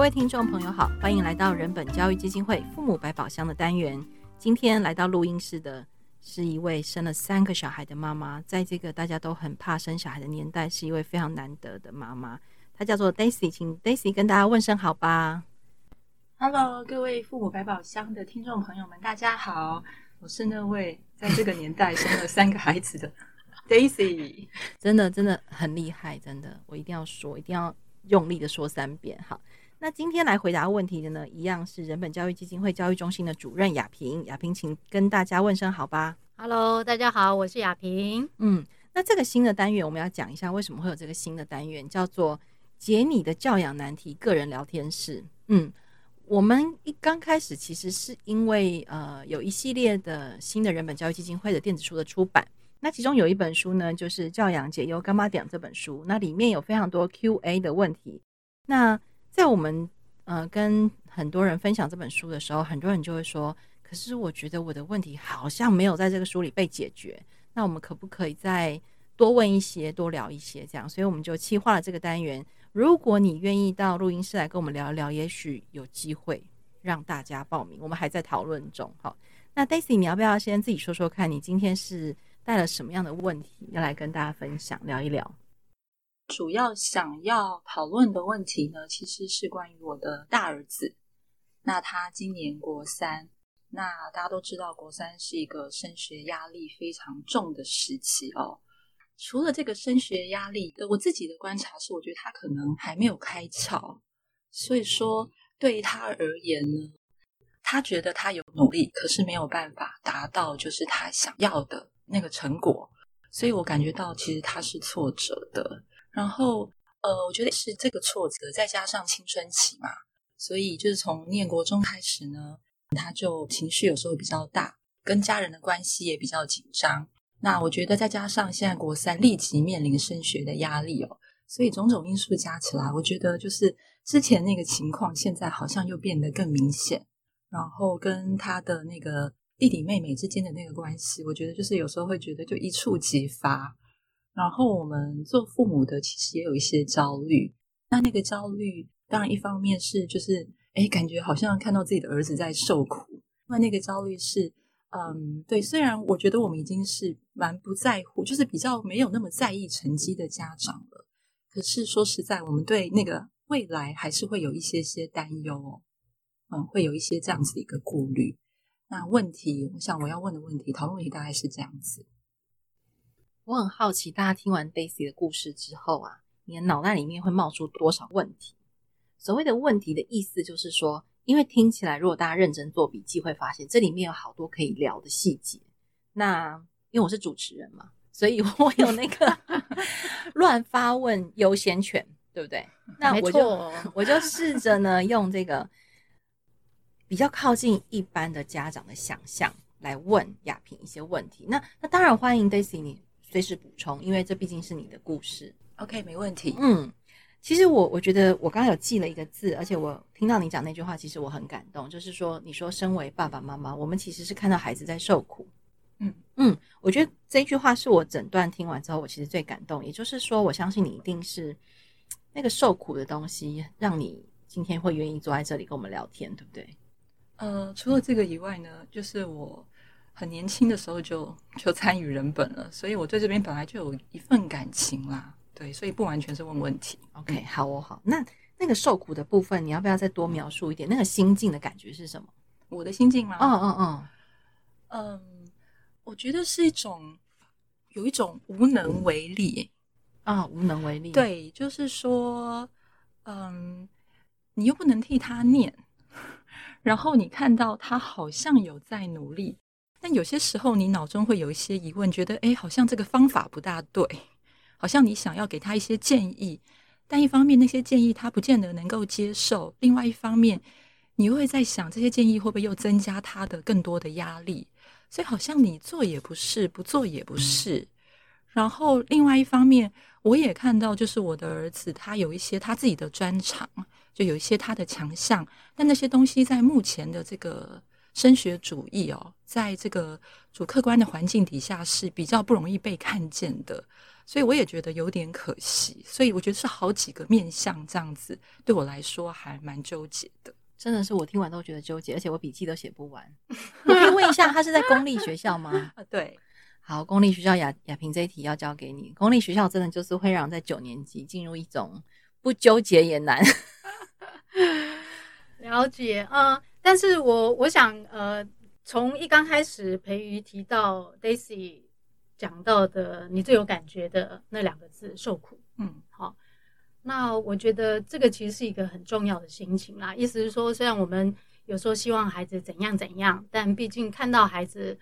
各位聽眾朋友好，歡迎來到人本教育基金會父母百寶箱的單元。今天來到錄音室的是一位生了三個小孩的媽媽，在這個大家都很怕生小孩的年代，是一位非常難得的媽媽。她叫做 Daisy，請 Daisy 跟大家問聲好吧。哈嘍，各位父母百寶箱的聽眾朋友們，大家好，我是那位在這個年代生了三個孩子的 Daisy，真的真的很厲害，真的，我一定要說，一定要用力的說三遍，好。那今天來回答問題的呢，一樣是人本教育基金會教育中心的主任雅萍。雅萍，請跟大家問聲好吧。Hello，大家好，我是雅萍。嗯，那這個新的單元，我們要講一下為什麼會有這個新的單元，叫做“解你的教養難題”個人聊天室。嗯，我們一剛開始其實是因為呃，有一系列的新的人本教育基金會的電子書的出版，那其中有一本書呢，就是《教養解憂乾媽店》這本書，那裡面有非常多 Q&A 的問題，那在我們呃跟很多人分享這本書的時候，很多人就會說：“可是我覺得我的問題好像沒有在這個書裡被解決。”那我們可不可以再多問一些、多聊一些這樣？所以我們就企劃了這個單元。如果你願意到錄音室來跟我們聊一聊，也許有機會讓大家報名。我們還在討論中。好，那 Daisy，你要不要先自己說說看？你今天是帶了什麼樣的問題要來跟大家分享、聊一聊？主要想要討論的問題呢，其實是關於我的大兒子。那他今年國三，那大家都知道，國三是一個升學壓力非常重的時期哦。除了這個升學壓力，我自己的觀察是，我覺得他可能還沒有開竅。所以說，對於他而言呢，他覺得他有努力，可是沒有辦法達到就是他想要的那個成果。所以我感覺到，其實他是挫折的。然後，呃，我覺得是這個挫折，再加上青春期嘛，所以就是從念國中開始呢，嗯，他就情緒有時候比較大，跟家人的關係也比較緊張。那我覺得再加上現在國三立即面臨升學的壓力哦，所以種種因素加起來，我覺得就是之前那個情況，現在好像又變得更明顯。然後跟他的那個弟弟妹妹之間的那個關係，我覺得就是有時候會覺得就一觸即發。然後我們做父母的其實也有一些焦慮，那那個焦慮當然一方面是就是哎，感覺好像看到自己的兒子在受苦，那那個焦慮是嗯，對。雖然我覺得我們已經是蠻不在乎，就是比較沒有那麼在意成績的家長了，可是說實在，我們對那個未來還是會有一些些擔憂，嗯，會有一些這樣子的一個顧慮。那問題，我想我要問的問題，討論問題大概是這樣子。我很好奇，大家聽完 Daisy 的故事之後啊，你的腦袋裡面會冒出多少問題？所謂的問題的意思就是說，因為聽起來，如果大家認真做筆記，會發現這裡面有好多可以聊的細節。那因為我是主持人嘛，所以我有那個 亂發問優先權，對不對？ 那、哦、我就我就試着呢，用這個比較靠近一般的家長的想象來問亞平一些問題。那那當然歡迎 Daisy，你。隨時補充，因為這畢竟是你的故事。OK，沒問題。嗯，其實我我覺得我剛剛有記了一個字，而且我聽到你講那句話，其實我很感動。就是說，你說身為爸爸媽媽，我們其實是看到孩子在受苦。嗯嗯，我覺得這一句話是我整段聽完之後，我其實最感動。也就是說，我相信你一定是那個受苦的東西，讓你今天會願意坐在這裡跟我們聊天，對不對？呃，除了這個以外呢，就是我。很年輕的時候就就參與人本了，所以我對這邊本來就有一份感情啦。對，所以不完全是問問題。OK，okay 好，哦，我好。那那個受苦的部分，你要不要再多描述一點？嗯，那個心境的感覺是什麼？我的心境嗎？嗯嗯嗯。嗯，我覺得是一種有一種無能為力啊，嗯哦，無能為力。對，就是說，嗯，你又不能替他念， 然後你看到他好像有在努力。但有些時候，你腦中會有一些疑問，覺得誒，好像這個方法不大對，好像你想要給他一些建議，但一方面那些建議他不見得能夠接受，另外一方面你會在想這些建議會不會又增加他的更多的壓力，所以好像你做也不是，不做也不是。嗯。然後另外一方面，我也看到就是我的兒子他有一些他自己的專長，就有一些他的強項，但那些東西在目前的這個。升學主義哦，在這個主客觀的環境底下是比較不容易被看見的，所以我也覺得有點可惜。所以我覺得是好幾個面向這樣子，對我來說還蠻糾結的。真的是我聽完都覺得糾結，而且我筆記都寫不完。我可以 問一下，他是在公立學校嗎？ 對，好，公立學校雅，雅萍這一題要交給你。公立學校真的就是會讓在九年級進入一種不糾結也難。 了解啊。嗯但是我我想，呃，從一剛開始，培瑜提到 Daisy 講到的，你最有感覺的那兩個字“受苦”，嗯，好、哦，那我覺得這個其實是一個很重要的心情啦。意思是說，雖然我們有時候希望孩子怎樣怎樣，但畢竟看到孩子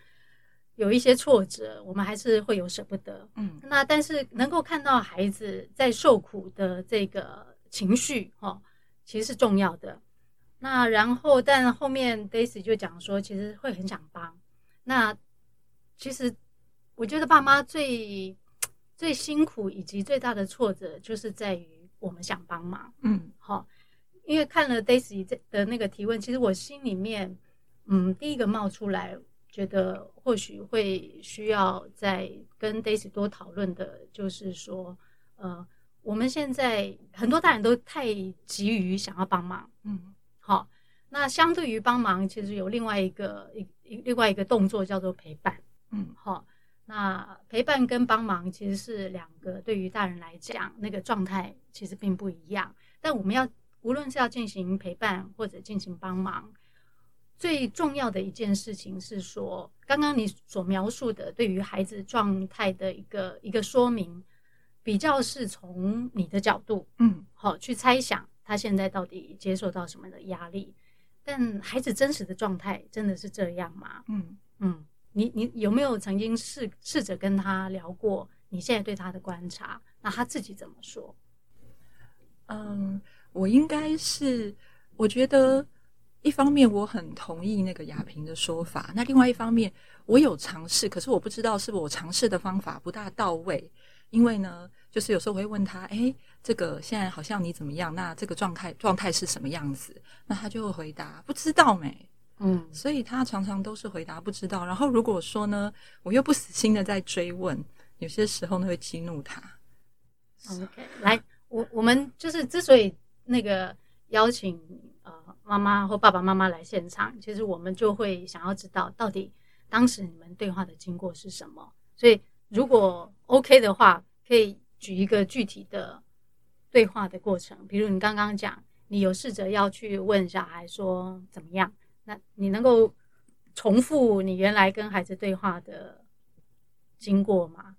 有一些挫折，我們還是會有舍不得，嗯。那但是能夠看到孩子在受苦的這個情緒，哦，其實是重要的。那然後，但後面 Daisy 就講說，其實會很想幫。那其實我覺得爸媽最最辛苦以及最大的挫折，就是在於我們想幫忙。嗯，好，因為看了 Daisy 的那個提問，其實我心裡面，嗯，第一個冒出來，覺得或許會需要再跟 Daisy 多討論的，就是說，呃，我們現在很多大人都太急於想要幫忙，嗯。好，那相對於幫忙，其實有另外一個一另外一個動作叫做陪伴，嗯，好、哦，那陪伴跟幫忙其實是兩個對於大人來講那個狀態其實並不一樣。但我們要無論是要進行陪伴或者進行幫忙，最重要的一件事情是說，剛剛你所描述的對於孩子狀態的一個一個說明，比較是從你的角度，嗯，好、哦，去猜想。他現在到底接受到什麼的壓力？但孩子真實的狀態真的是這樣嗎？嗯嗯，你你有沒有曾經試試着跟他聊過？你現在對他的觀察，那他自己怎麼說？嗯，我應該是，我覺得一方面我很同意那個亞萍的說法，那另外一方面我有嘗試，可是我不知道是不是我嘗試的方法不大到位，因為呢。就是有時候我會問他，欸，這個現在好像你怎麼樣？那這個狀態狀態是什麼樣子？那他就會回答不知道咩，嗯，所以他常常都是回答不知道。然後如果說呢，我又不死心的在追問，有些時候呢會激怒他。OK，來，我我們就是之所以那個邀請呃媽媽或爸爸媽媽來現場，其實我們就會想要知道到底當時你們對話的經過是什麼。所以如果 OK 的話，可以。舉一個具體的對話的過程，比如你剛剛講，你有試着要去問小孩說怎麼樣？那你能夠重複你原來跟孩子對話的經過嗎？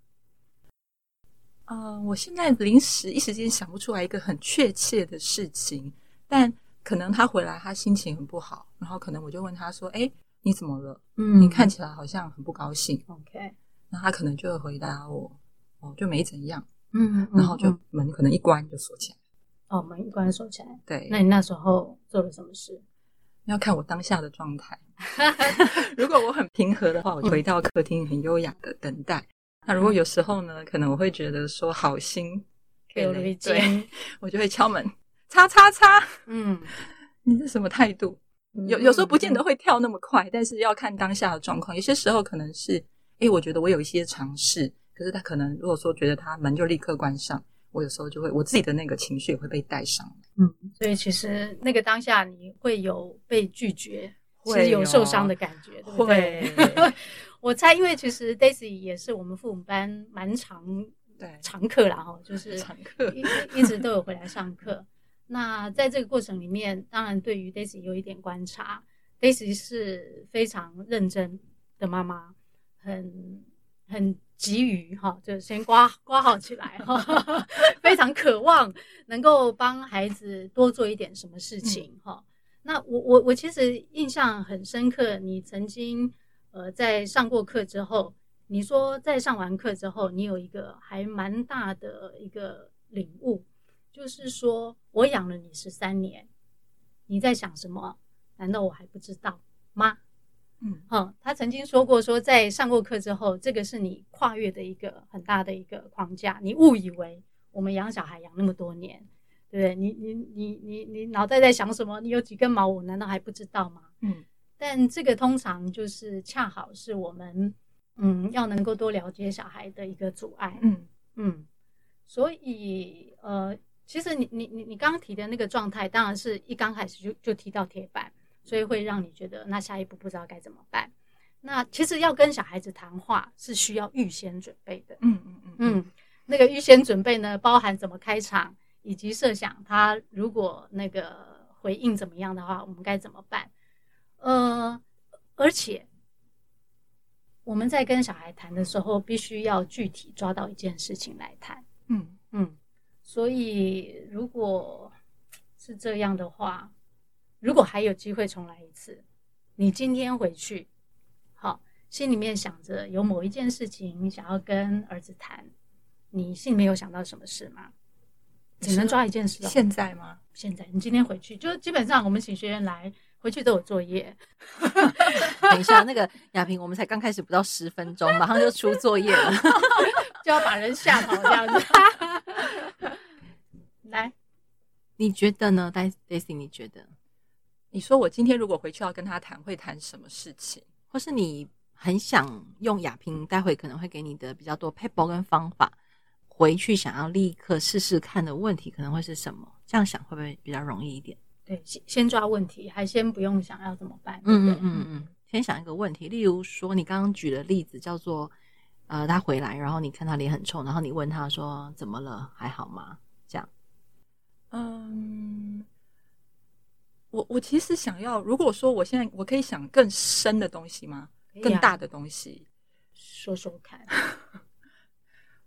呃，我現在臨時一時間想不出來一個很確切的事情，但可能他回來他心情很不好，然後可能我就問他說：“哎、欸，你怎麼了？嗯，你看起來好像很不高興。” OK，那他可能就會回答我：“哦，就沒怎樣。”嗯，然後就門可能一關就鎖起來。哦，門一關鎖起來。對，那你那時候做了什麼事？要看我當下的狀態。 如果我很平和的話，我就回到客廳，很優雅的等待。嗯、那如果有時候呢，可能我會覺得說好心被雷擊，我就會敲門，叉叉叉。嗯，你這什麼態度？嗯、有有時候不見得會跳那麼快，但是要看當下的狀況。有些時候可能是，哎，我覺得我有一些嘗試。可是他可能如果說覺得他門就立刻關上，我有時候就會，我自己的那個情緒也會被帶上。嗯，所以其實那個當下你會有被拒絕，會有,其實有受傷的感覺，會對不對？ 我猜，因為其實 Daisy 也是我們父母班蠻常對常客啦哦，就是常客一一直都有回來上課。常客 那在這個過程裡面，當然對於 Daisy 有一點觀察，Daisy 是非常認真的媽媽，很很。急於哈，就先刮刮好起來哈，非常渴望能夠幫孩子多做一點什麼事情哈。嗯，那我我我其實印象很深刻，你曾經呃在上過課之後，你說在上完課之後，你有一個還蠻大的一個領悟，就是說我養了你十三年，你在想什麼？難道我還不知道嗎？嗯，哼、嗯，他曾經說過，說在上過課之後，這個是你跨越的一個很大的一個框架。你誤以為我們養小孩養那麼多年，對不對？你你你你你腦袋在想什麼？你有幾根毛，我難道還不知道嗎？嗯，但這個通常就是恰好是我們，嗯，要能夠多了解小孩的一個阻礙。嗯嗯，嗯，所以呃，其實你你你你剛剛提的那個狀態，當然是一剛開始就就踢到鐵板。所以會讓你覺得，那下一步不知道該怎麼辦。那其實要跟小孩子談話是需要預先準備的。嗯嗯嗯嗯，那個預先準備呢，包含怎麼開場，以及設想他如果那個回應怎麼樣的話，我們該怎麼辦。呃，而且我們在跟小孩談的時候，必須要具體抓到一件事情來談。嗯嗯，嗯所以如果是這樣的話。如果還有機會重來一次，你今天回去，好，心裡面想着有某一件事情想要跟兒子談，你心裡面有想到什麼事嗎？只能抓一件事，現在嗎？現在，現在你今天回去，就基本上我們請學員來回去都有作業。 等一下，那個亞萍，我們才剛開始不到十分鐘，馬上就出作業了， 就要把人嚇跑這樣子。 來，你覺得呢？Daisy，你覺得？你說我今天如果回去要跟他談，會談什麼事情？或是你很想用亞萍待會可能會給你的比較多撇步跟方法，回去想要立刻試試看的問題可能會是什麼？這樣想會不會比較容易一點？對，先先抓問題，還先不用想要怎麼辦。嗯嗯嗯嗯,對嗯嗯，先想一個問題，例如說你剛剛舉的例子叫做，呃，他回來然後你看他臉很臭，然後你問他說怎麼了？還好嗎？這樣。嗯。我我其實想要，如果說我現在我可以想更深的東西嗎？更大的東西，哎、說說看。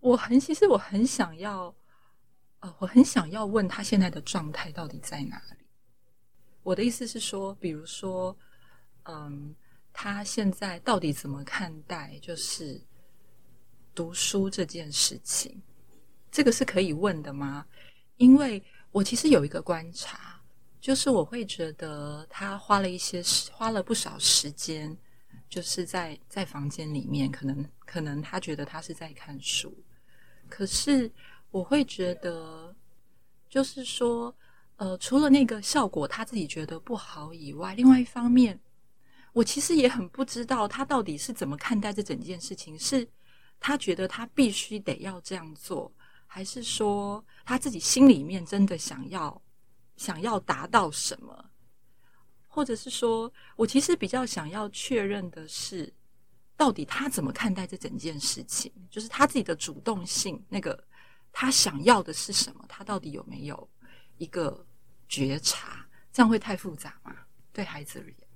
我很其實我很想要，呃，我很想要問他現在的狀態到底在哪裡。我的意思是說，比如說，嗯，他現在到底怎麼看待就是讀書這件事情？這個是可以問的嗎？因為我其實有一個觀察。就是我會覺得他花了一些花了不少時間，就是在在房間裡面，可能可能他覺得他是在看書，可是我會覺得，就是說，呃，除了那個效果他自己覺得不好以外，另外一方面，我其實也很不知道他到底是怎麼看待這整件事情，是他覺得他必須得要這樣做，還是說他自己心裡面真的想要？想要達到什麼，或者是說，我其實比較想要確認的是，到底他怎麼看待這整件事情？就是他自己的主動性，那個他想要的是什麼？他到底有沒有一個覺察？這樣會太複雜嗎？對孩子而言，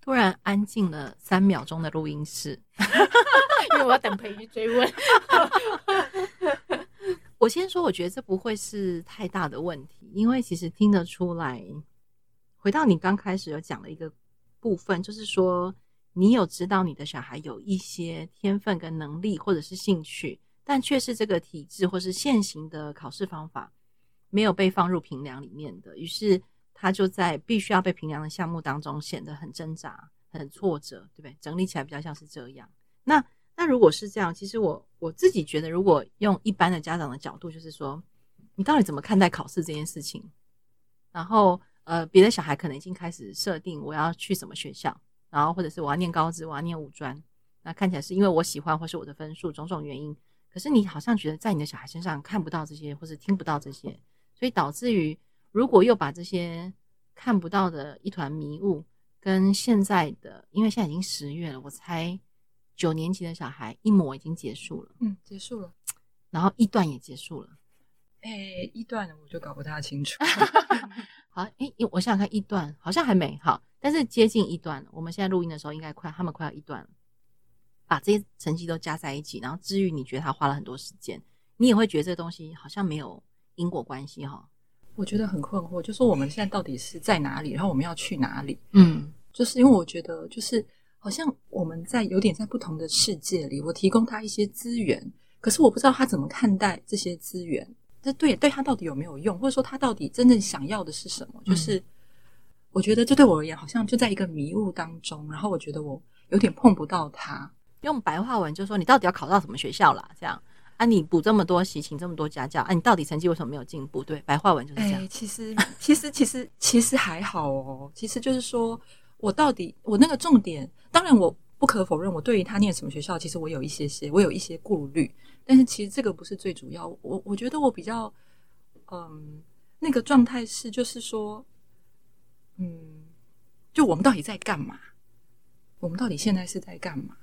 突然安靜了三秒鐘的錄音室， 因為我要等佩瑜追問。 我先說，我覺得這不會是太大的問題，因為其實聽得出來，回到你剛開始有講的一個部分，就是說你有知道你的小孩有一些天分跟能力或者是興趣，但卻是這個體制或是現行的考試方法沒有被放入評量裡面的，於是他就在必須要被評量的項目當中顯得很掙扎、很挫折，對不對？整理起來比較像是這樣。那那如果是這樣，其實我我自己覺得，如果用一般的家長的角度，就是說，你到底怎麼看待考試這件事情？然後，呃，別的小孩可能已經開始設定我要去什麼學校，然後或者是我要念高職，我要念五專。那看起來是因為我喜歡，或是我的分數，種種原因。可是你好像覺得在你的小孩身上看不到這些，或是聽不到這些，所以導致於，如果又把這些看不到的一團迷霧，跟現在的，因為現在已經十月了，我猜。九年級的小孩一模已經結束了，嗯，結束了，然後一段也結束了，誒、欸，一段我就搞不太清楚。 嗯、好，哎、欸，我想想看，一段好像還沒好。但是接近一段了。我們現在錄音的時候應該快，他們快要一段了。把這些成績都加在一起，然後至於你覺得他花了很多時間，你也會覺得這東西好像沒有因果關係哈。我覺得很困惑，就說我們現在到底是在哪裡，然後我們要去哪裡？嗯，嗯，就是因為我覺得就是。好像我們在有點在不同的世界裡，我提供他一些資源，可是我不知道他怎麼看待這些資源，這對對他到底有沒有用，或者說他到底真正想要的是什麼？嗯、就是我覺得這對我而言好像就在一個迷霧當中，然後我覺得我有點碰不到他。用白話文就說你到底要考到什麼學校啦？這樣啊？你補這麼多習，請這麼多家教，啊，你到底成績為什麼沒有進步？對，白話文就是這樣。欸、其實其實其實其實還好哦，其實就是說。我到底，我那個重點，當然我不可否認，我對於他念什麼學校，其實我有一些些，我有一些顧慮。但是其實這個不是最主要，我我覺得我比較，嗯，那個狀態是，就是說，嗯，就我們到底在幹嘛？我們到底現在是在幹嘛？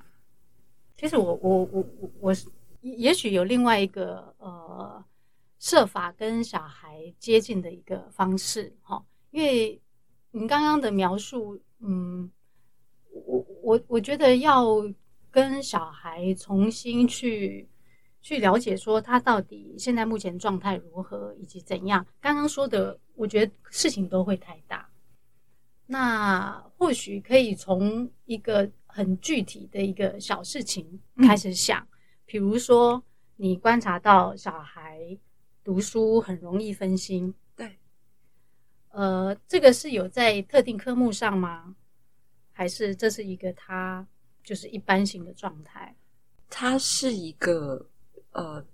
其實我我我我我，我我也許有另外一個呃，設法跟小孩接近的一個方式，哈、哦，因為。你剛剛的描述，嗯，我我我覺得要跟小孩重新去去了解，說他到底現在目前狀態如何，以及怎樣。剛剛說的，我覺得事情都會太大。那或許可以從一個很具體的一個小事情開始想，嗯、比如說你觀察到小孩讀書很容易分心。呃，這個是有在特定科目上嗎？還是這是一個他就是一般性的狀態？他是一個呃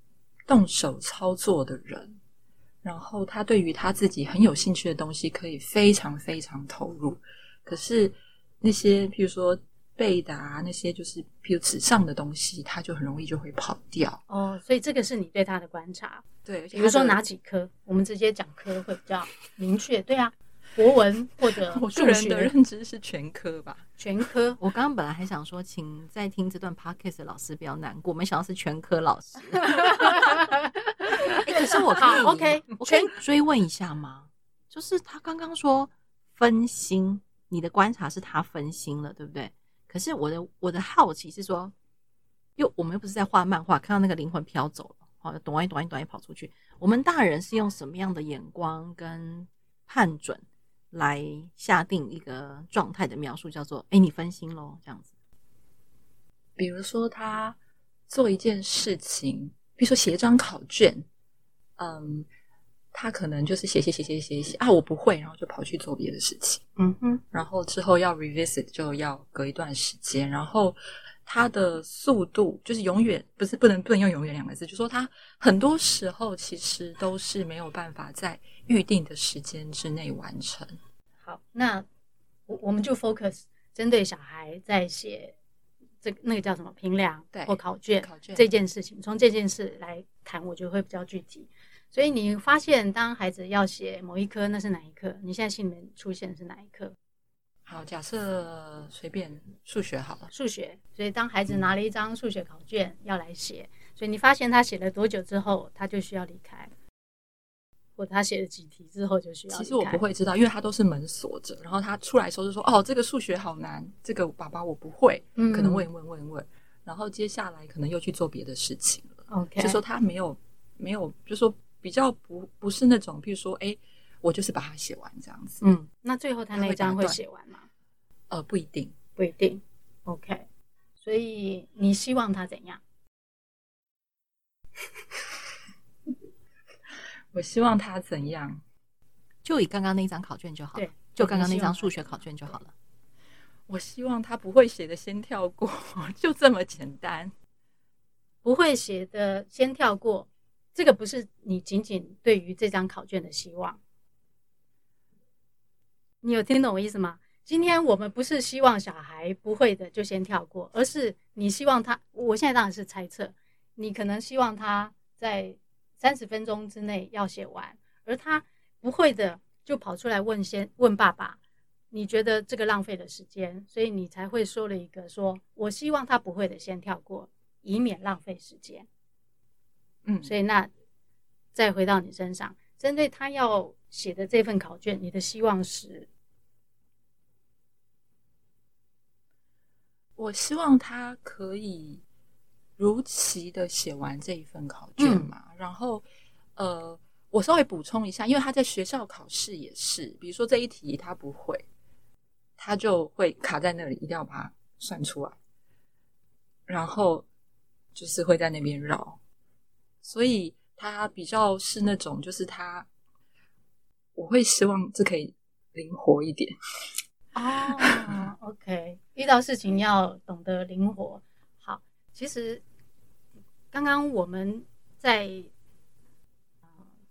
動手操作的人，然後他對於他自己很有興趣的東西可以非常非常投入。可是那些，譬如說。背的啊，那些就是，比如紙上的東西，它就很容易就會跑掉。哦，所以這個是你對他的觀察，對。比如說哪幾科，我們直接講科會比較明確。對啊，國文或者數學。我個人的認知是全科吧？全科。我剛剛本來還想說，請在聽這段 podcast 的老師不要難過，沒想到是全科老師。 欸、可是我可 OK，我可以追問一下嗎？全就是他剛剛說分心，你的觀察是他分心了，對不對？可是我的我的好奇是說，又我們又不是在畫漫畫，看到那個靈魂飄走了，好，短一短一短一跑出去。我們大人是用什麼樣的眼光跟判準來下定一個狀態的描述，叫做，欸，你分心咯？這樣子。比如說，他做一件事情，比如說寫一張考卷，嗯。他可能就是寫寫寫寫寫寫啊，我不會，然後就跑去做別的事情，嗯哼，然後之後要 revisit 就要隔一段時間，然後他的速度就是永遠不是，不能不能用永遠兩個字，就是說他很多時候其實都是沒有辦法在預定的時間之內完成。好，那我我們就 focus 針對小孩在寫這個、那個叫什麼評量對，或考卷考卷，這件事情，從這件事來談，我覺得會比較具體。所以你發現，當孩子要寫某一科，那是哪一科？你現在心裡面出現的是哪一科？好，假設隨便數學好了。數學。所以當孩子拿了一張數學考卷要來寫，嗯、所以你發現他寫了多久之後，他就需要離開，或者他寫了幾題之後就需要。其實我不會知道，因為他都是門鎖着，然後他出來的時候就說：“哦，這個數學好難，這個爸爸我不會。”可能問一問問一問，嗯、然後接下來可能又去做別的事情了。OK，就說他沒有沒有，就說。比較不不是那種，譬如說，哎、欸，我就是把它寫完這樣子。嗯，那最後他那張會寫完嗎？呃，不一定，不一定。OK，所以你希望他怎樣？ 我希望他怎樣？就以剛剛那張考卷就好了，對就剛剛那張數學考卷就好了。我希望他不會寫的先跳過，就這麼簡單。不會寫的先跳過。這個不是你僅僅對於這張考卷的希望，你有聽懂我意思嗎？今天我們不是希望小孩不會的就先跳過，而是你希望他，我現在當然是猜測，你可能希望他在三十分鐘之內要寫完，而他不會的就跑出來問先問爸爸，你覺得這個浪費了時間，所以你才會說了一個說，說我希望他不會的先跳過，以免浪費時間。嗯，所以那再回到你身上，針對他要寫的這份考卷，你的希望是？我希望他可以如期的寫完這一份考卷嘛。嗯、然後，呃，我稍微補充一下，因為他在學校考試也是，比如說這一題他不會，他就會卡在那裡，一定要把它算出來，然後就是會在那邊繞。所以他比較是那種，就是他，我會希望這可以靈活一點。啊，OK，遇到事情要懂得靈活。好，其實剛剛我們在，呃，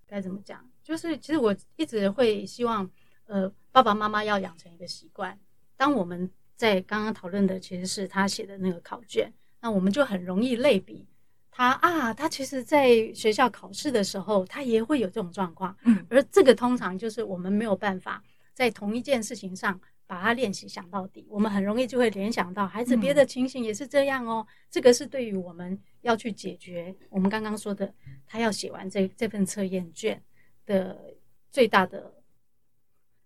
該怎麼講？就是其實我一直會希望，呃，爸爸媽媽要養成一個習慣。當我們在剛剛討論的，其實是他寫的那個考卷，那我們就很容易類比。他啊，他其實，在學校考試的時候，他也會有這種狀況。嗯，而這個通常就是我們沒有辦法在同一件事情上把它練習想到底。嗯、我們很容易就會聯想到，孩子別的情形也是這樣哦。嗯、這個是對於我們要去解決我們剛剛說的，嗯、他要寫完這這份測驗卷的最大的、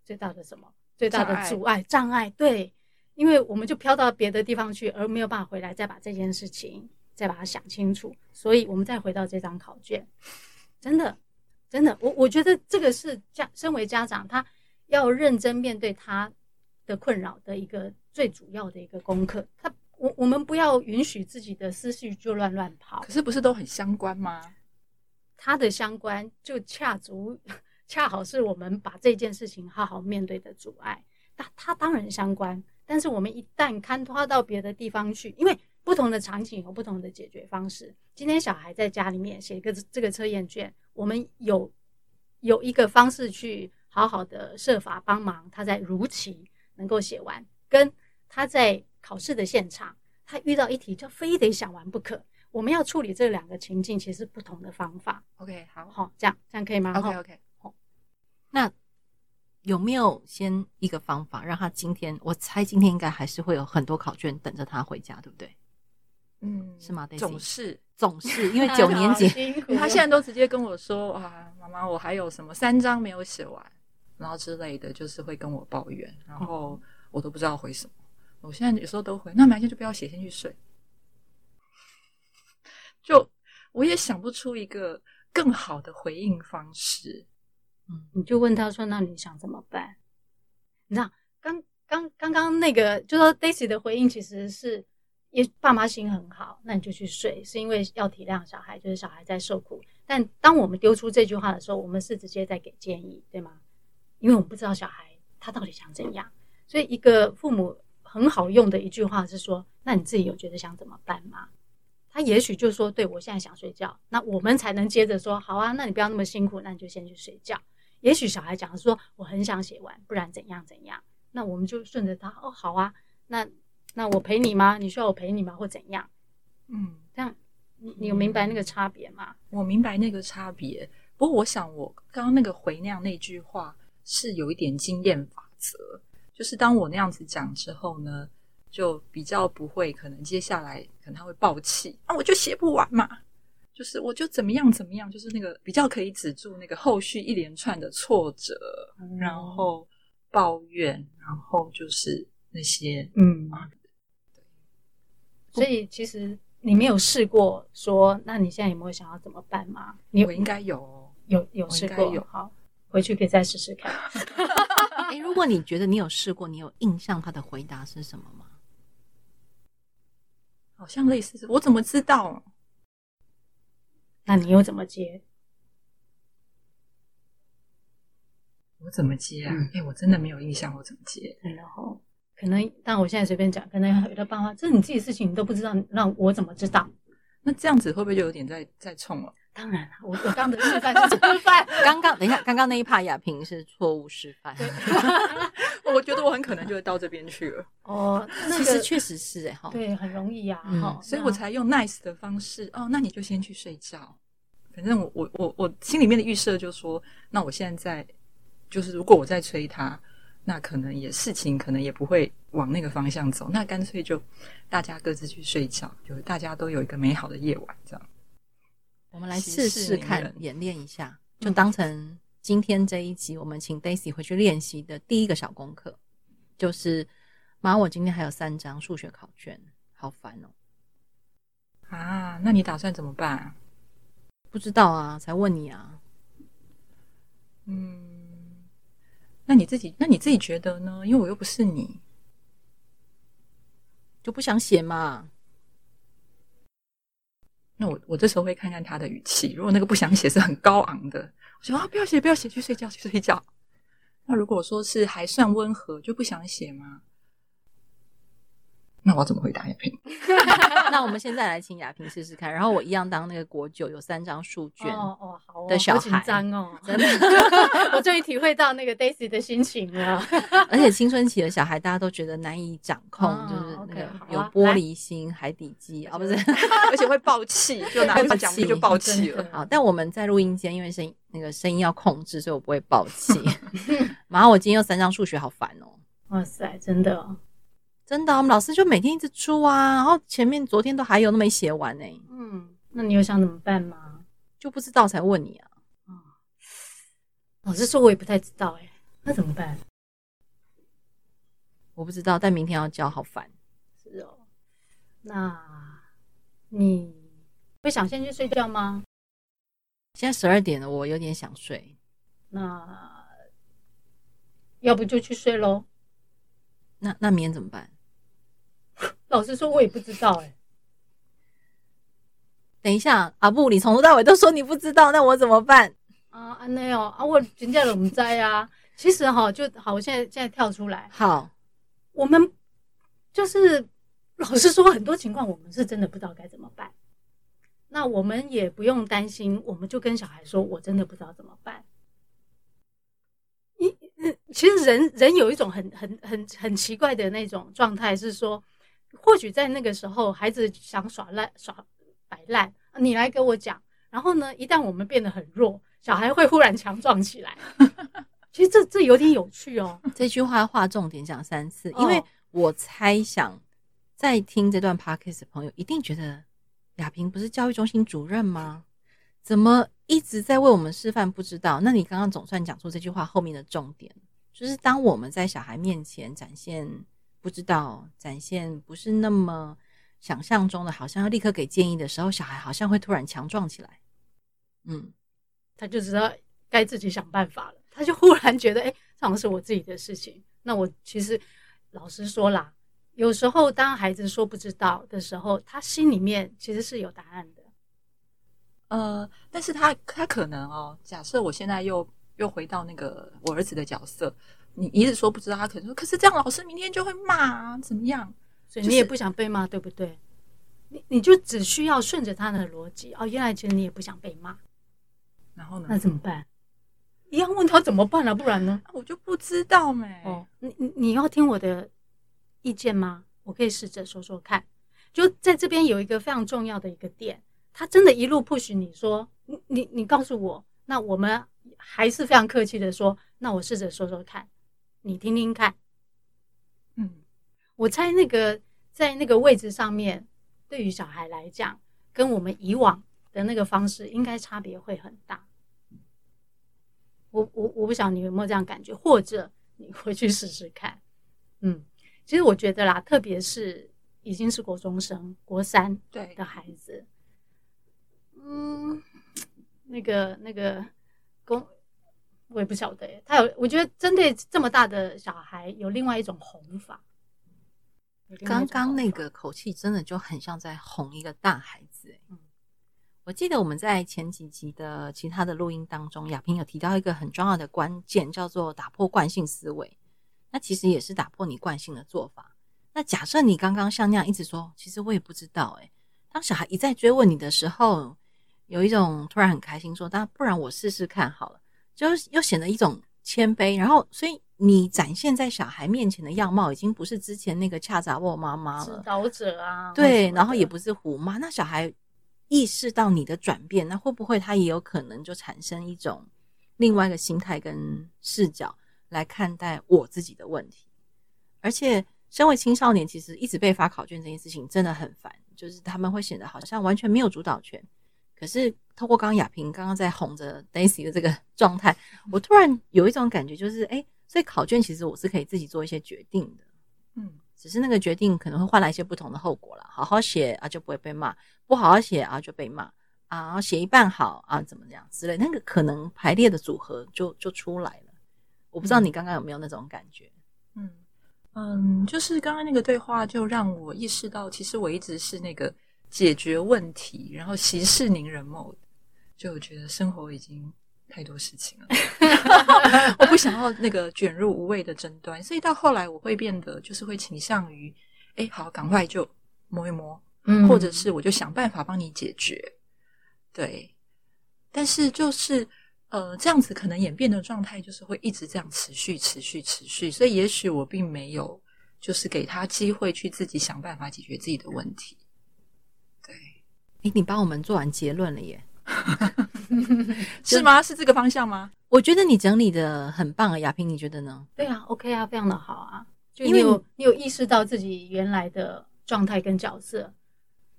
最大的什麼？最大的阻礙、愛障礙，對，因為我們就飄到別的地方去，而沒有辦法回來再把這件事情。再把它想清楚，所以，我們再回到這張考卷，真的，真的，我我覺得這個是家，身為家長，他要認真面對他的困擾的一個最主要的一個功課。他，我我們不要允許自己的思緒就亂亂跑。可是，不是都很相關嗎？他的相關，就恰足，恰好是我們把這件事情好好面對的阻礙。那他，他當然相關，但是我們一旦看花到別的地方去，因為。不同的場景有不同的解決方式。今天小孩在家裡面寫一個這個測驗卷，我們有有一個方式去好好的設法幫忙他在如期能夠寫完，跟他在考試的現場，他遇到一題就非得想完不可。我們要處理這兩個情境，其實是不同的方法。OK，好，好，這樣這樣可以嗎？OK，OK，okay, okay. 好。那有沒有先一個方法讓他今天？我猜今天應該還是會有很多考卷等着他回家，對不對？嗯，是嗎？總是總是，總是 因為九年級，他、啊哦、現在都直接跟我說：“啊，媽媽，我還有什麼三張沒有寫完，然後之類的，就是會跟我抱怨，然後我都不知道回什麼。嗯、我現在有時候都回，那明天就不要寫，先去睡。 就我也想不出一個更好的回應方式。嗯，你就問他說：“那你想怎麼辦？”你知道，剛剛剛剛那個就說 Daisy 的回應其實是。也爸媽心很好，那你就去睡，是因為要體諒小孩，就是小孩在受苦。但當我們丟出這句話的時候，我們是直接在給建議，對嗎？因為我們不知道小孩他到底想怎樣，所以一個父母很好用的一句話是說：“那你自己有覺得想怎麼辦嗎？”他也許就說：“對，我現在想睡覺。”那我們才能接着說：“好啊，那你不要那麼辛苦，那你就先去睡覺。”也許小孩講說：“我很想寫完，不然怎樣怎樣。”那我們就順着他：“哦，好啊，那。”那我陪你嗎？你需要我陪你嗎，或怎樣？嗯，這樣你，你有明白那個差別嗎？嗯，我明白那個差別。不過我想，我剛剛那個回那樣那句話是有一點經驗法則，就是當我那樣子講之後呢，就比較不會可能接下來可能他會爆氣啊，我就寫不完嘛，就是我就怎麼樣怎麼樣，就是那個比較可以止住那個後續一連串的挫折，嗯，然後抱怨，然後就是那些嗯。所以其實你沒有試過說，說那你現在有沒有想要怎麼辦嗎？你我應該有，有有試過，應該有，好，回去可以再試試看 欸。如果你覺得你有試過，你有印象他的回答是什麼嗎？好像類似，我怎麼知道？那你又怎麼接？我怎麼接啊？啊、嗯欸？我真的沒有印象我怎麼接。嗯，然後。可能，但我現在隨便講，可能有的辦法。這是你自己的事情，你都不知道，讓我怎麼知道？那這樣子會不會就有點在在衝了、啊？當然了，我剛的示範是示範。 剛剛，等一下，剛剛那一趴雅萍是錯誤示範。對 我覺得我很可能就會到這邊去了。哦，那個其實確實是哎、欸、對，很容易呀、啊、哈，嗯、吼所以我才用 nice 的方式那哦。那你就先去睡覺，反正我我我我，我心裡面的預設就是說，那我現在就是如果我再催他，那可能也事情可能也不會往那個方向走，那乾脆就大家各自去睡覺，就是大家都有一個美好的夜晚。這樣，我們來試試看，演練一下，就當成今天這一集，我們請 Daisy 回去練習的第一個小功課，就是媽，我今天還有三張數學考卷，好煩哦、喔！啊，那你打算怎麼辦？不知道啊，才問你啊。嗯。那你自己，那你自己覺得呢？因為我又不是你，就不想寫嘛。那我我這時候會看看他的語氣，如果那個不想寫是很高昂的，我想啊，不要寫，不要寫，去睡覺，去睡覺。那如果說是還算溫和，就不想寫嗎？那我怎麼回答亞萍？那我們現在來請亞萍試試看，然後我一樣當那個國九有三張數卷哦哦，好，好緊張哦，真的，我終於體會到那個 Daisy 的心情了。而且青春期的小孩大家都覺得難以掌控，就是那個有玻璃心、海底雞啊，不是，而且會爆氣，就拿把獎杯就爆氣了。啊，但我們在錄音間，因為聲那個聲音要控制，所以我不會爆氣。然後我今天又三張數學，好煩哦。哇塞，真的。真的、啊，我們老師就每天一直出啊，然後前面昨天都還有都沒寫完呢，欸。嗯，那你有想怎麼辦嗎？就不知道才問你啊。哦，啊，老實說，我也不太知道哎，欸，那怎麼辦？我不知道，但明天要交，好煩。是哦，那你會想先去睡覺嗎？現在十二點了，我有點想睡。那要不就去睡嘍？那那明天怎麼辦？老實說，我也不知道哎、欸。等一下啊，不，你從頭到尾都說你不知道，那我怎麼辦啊、喔？啊，那樣啊，我評價怎我們啊。其實哈，就好，我現在現在跳出來。好，我們就是老實說，很多情況我們是真的不知道該怎麼辦。那我們也不用擔心，我們就跟小孩說，我真的不知道怎麼辦。一，其實人人有一種很很很很奇怪的那種狀態，是說。或許在那個時候，孩子想耍爛耍擺爛，你來給我講。然後呢，一旦我們變得很弱，小孩會忽然強壯起來。 其實這這有點有趣哦、喔。這句話劃重點講三次，哦、因為我猜想，在聽這段 Podcast 的朋友一定覺得亞萍不是教育中心主任嗎？怎麼一直在為我們示範？不知道？那你剛剛總算講出這句話後面的重點，就是當我們在小孩面前展現。不知道，展現不是那麼想象中的，好像要立刻給建議的時候，小孩好像會突然強壯起來。嗯，他就知道該自己想辦法了。他就忽然覺得，哎、欸，這樣是我自己的事情。那我其實老實說啦，有時候當孩子說不知道的時候，他心裡面其實是有答案的。呃，但是他他可能哦、喔，假設我現在又又回到那個我兒子的角色。你一直說不知道，他可能說，可是這樣老師明天就會罵啊，怎麼樣？所以你也不想被罵，就是，對不對？你你就只需要順着他的邏輯哦。原來其實你也不想被罵，然後呢？那怎麼辦？一樣問他怎麼辦了、啊，不然呢？我就不知道咩、哦、你你你要聽我的意見嗎？我可以試着說說看。就在這邊有一個非常重要的一個點，他真的一路 push 你說，你你你告訴我，那我們還是非常客氣的說，那我試着說說看。你聽聽看，嗯，我猜那個在那個位置上面，對於小孩來講，跟我們以往的那個方式應該差別會很大。我我我不曉得你有沒有這樣感覺，或者你回去試試看。嗯，其實我覺得啦，特別是已經是國中生、國三的孩子，對嗯，那個那個公。我也不曉得，他有，我覺得針對這麼大的小孩有，有另外一種哄法。剛剛那個口氣真的就很像在哄一個大孩子。嗯，我記得我們在前幾集的其他的錄音當中，亞萍有提到一個很重要的關鍵，叫做打破慣性思維。那其實也是打破你慣性的做法。那假設你剛剛像那樣一直說，其實我也不知道。哎，當小孩一再追問你的時候，有一種突然很開心，說，那不然我試試看好了。就又顯得一種謙卑，然後所以你展現在小孩面前的樣貌，已經不是之前那個恰查某媽媽了，指導者啊，對，然後也不是虎媽。那小孩意識到你的轉變，那會不會他也有可能就產生一種另外一個心態跟視角來看待我自己的問題？而且，身為青少年，其實一直被發考卷這件事情真的很煩，就是他們會顯得好像完全沒有主導權。可是，透過剛剛亞萍剛剛在哄着 Daisy 的這個狀態，我突然有一種感覺，就是哎、欸，所以考卷其實我是可以自己做一些決定的，嗯，只是那個決定可能會換來一些不同的後果啦，好好寫啊，就不會被罵；不好好寫啊，就被罵。啊，寫一半好啊，怎麼怎麼樣之類，那個可能排列的組合就就出來了。嗯、我不知道你剛剛有沒有那種感覺？嗯嗯，就是剛剛那個對話就讓我意識到，其實我一直是那個。解決問題，然後息事寧人嘛。就我覺得生活已經太多事情了， 我不想要那個卷入無謂的爭端，所以到後來我會變得就是會傾向於，哎、欸，好，趕快就摸一摸，嗯、或者是我就想辦法幫你解決。對，但是就是呃，這樣子可能演變的狀態就是會一直這樣持續、持續、持續。所以也許我並沒有就是給他機會去自己想辦法解決自己的問題。你幫我們做完結論了耶！ 是嗎？就是這個方向嗎？我覺得你整理的很棒啊，亞萍，你覺得呢？對啊，OK 啊，非常的好啊，就你有你有，你有意識到自己原來的狀態跟角色，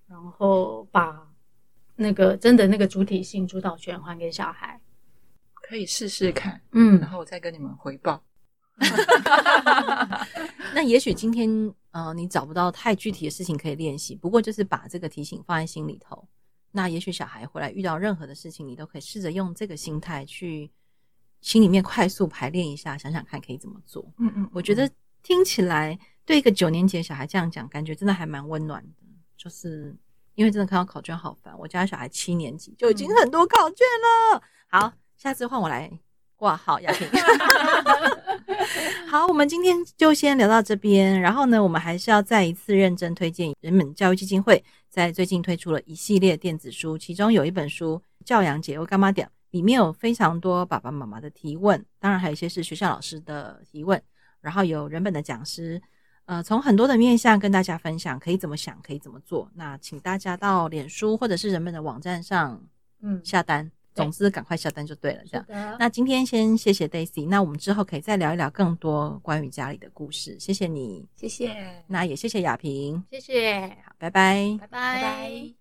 然後把那個真的那個主體性主導權還給小孩，可以試試看，嗯，然後我再跟你們回報。 那也許今天呃，你找不到太具體的事情可以練習，不過就是把這個提醒放在心裡頭。那也許小孩回來遇到任何的事情，你都可以試着用這個心態去心裡面快速排練一下，想想看可以怎麼做。嗯，嗯嗯，我覺得聽起來對一個九年級的小孩這樣講，感覺真的還蠻溫暖的。就是因為真的看到考卷好煩，我家小孩七年級就已經很多考卷了。嗯、好，下次換我來掛號，雅婷。 好，我們今天就先聊到這邊。然後呢，我們還是要再一次認真推薦人本教育基金會，在最近推出了一系列電子書，其中有一本書《教養解憂乾媽點》，裡面有非常多爸爸媽媽的提問，當然還有一些是學校老師的提問，然後有人本的講師，呃，從很多的面向跟大家分享可以怎麼想，可以怎麼做。那請大家到臉書或者是人本的網站上，嗯，下單。嗯總之，趕快下單就對了。這樣，啊、那今天先謝謝 Daisy，那我們之後可以再聊一聊更多關於家裡的故事。謝謝你，謝謝，那也謝謝雅萍，謝謝，好，拜拜，拜拜，拜拜。